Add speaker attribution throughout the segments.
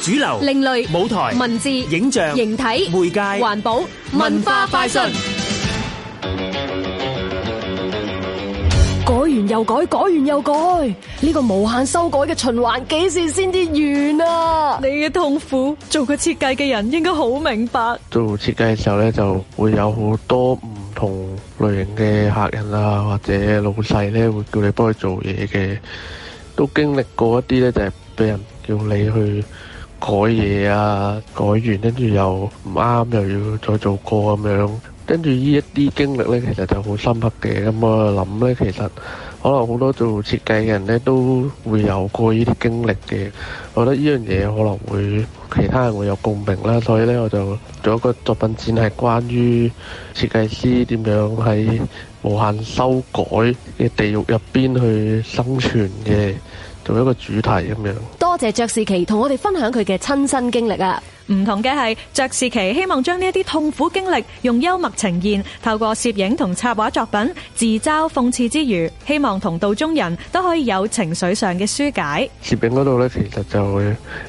Speaker 1: 主流、另類舞台、文字、影像、形體、媒介、環保、文化快訊，改完又改，改完又改，呢個無限修改嘅循環，幾時先至完啊？你嘅痛苦，做個設計嘅人應該好明白。
Speaker 2: 做設計嘅時候咧，就會有好多唔同類型嘅客人啊，或者老細咧會叫你幫佢做嘢嘅，都經歷過一啲咧，就係俾人叫你去。改嘢啊，改完跟住又唔啱，又要再做過咁樣。跟住呢一啲經歷呢，其實就好深刻嘅。咁我諗呢，其實可能好多做設計嘅人呢，都會有過呢啲經歷嘅。我覺得呢樣嘢可能會其他人會有共鳴啦。所以呢，我就做一個作品展，係關於設計師點樣喺無限修改嘅地獄入邊去生存嘅。做一個主題咁樣。
Speaker 1: 多謝卓士奇同我哋分享佢嘅親身經歷啊！唔同嘅係，卓士奇希望將呢一啲痛苦經歷用幽默呈現，透過攝影同插畫作品自嘲諷刺之餘，希望同道中人都可以有情緒上嘅紓解。
Speaker 2: 攝影嗰度咧，其實就會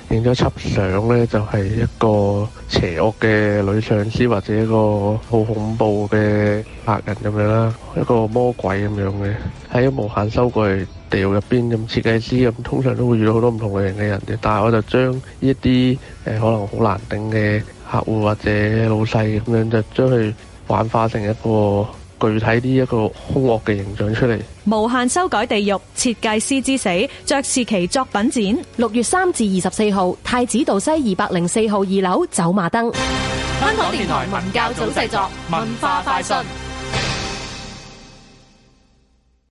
Speaker 2: 影咗輯相咧，就係一個邪惡嘅女上司或者一個好恐怖嘅客人咁樣啦，一個魔鬼咁樣嘅，喺無限收據地獄入邊咁設計師咁通常都會遇到好多唔同類型嘅人嘅，但係我就將呢一啲誒，可能好難頂嘅客戶或者老細咁樣，就將佢幻化成一個具體啲一,一個兇惡嘅形象出嚟。
Speaker 1: 無限修改地獄設計師之死，爵士奇作品展，六月三至二十四號，太子道西二百零四號二樓，走馬燈。香港電台文教組製作，文化快訊。